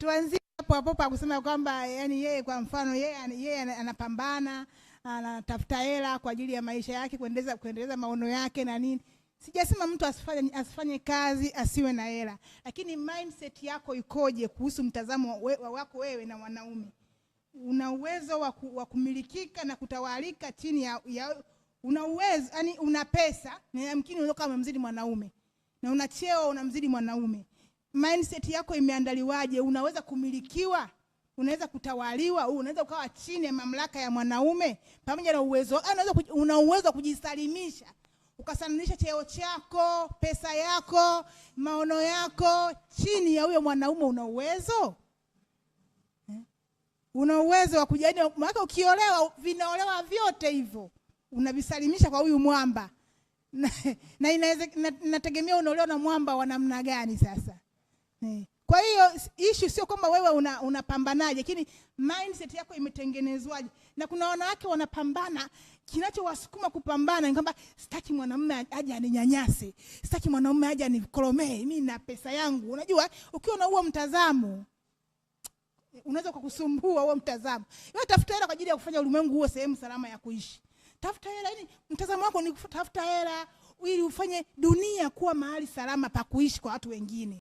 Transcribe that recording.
tuanzie hapo hapo pa kusema kwamba yani yeye kwa mfano yeye, yeye anapambana anatafuta hela kwa ajili ya maisha yake kuendeleza kuendeleza maono yake na nini. Sijasema mtu asifanye, asifanye kazi asiwe na hela, lakini mindset yako ikoje kuhusu mtazamo wako wewe na wanaume? Una uwezo wa kumilikika na kutawalika chini ya, ya una uwezo yani, una pesa na yamkini unaweza kama mzidi mwanaume na una cheo unamzidi mwanaume mindset yako imeandaliwaje? Unaweza kumilikiwa, unaweza kutawaliwa, unaweza ukawa chini ya mamlaka ya mwanaume pamoja na uwezo, ah, unaweza una uwezo wa kujisalimisha, ukasalimisha cheo chako, pesa yako, maono yako chini ya huyo mwanaume. Una uwezo eh? una uwezo wa kujani, yaani, maana ukiolewa vinaolewa vyote hivyo unavisalimisha kwa huyu mwamba na, na inategemea unaolewa na mwamba wa namna gani sasa Eh. Kwa hiyo issue sio kwamba wewe unapambanaje, una lakini mindset yako imetengenezwaje. Na kuna wanawake wanapambana, kinachowasukuma kupambana ni kwamba sitaki mwanamume aje aninyanyase, sitaki mwanamume aje anikolomee, mimi na pesa yangu. Unajua, ukiwa na huo mtazamo unaweza kukusumbua huo mtazamo. Wewe tafuta hela kwa ajili ya kufanya ulimwengu huo sehemu salama ya kuishi. Tafuta hela, yani mtazamo wako ni kutafuta hela ili ufanye dunia kuwa mahali salama pa kuishi kwa watu wengine.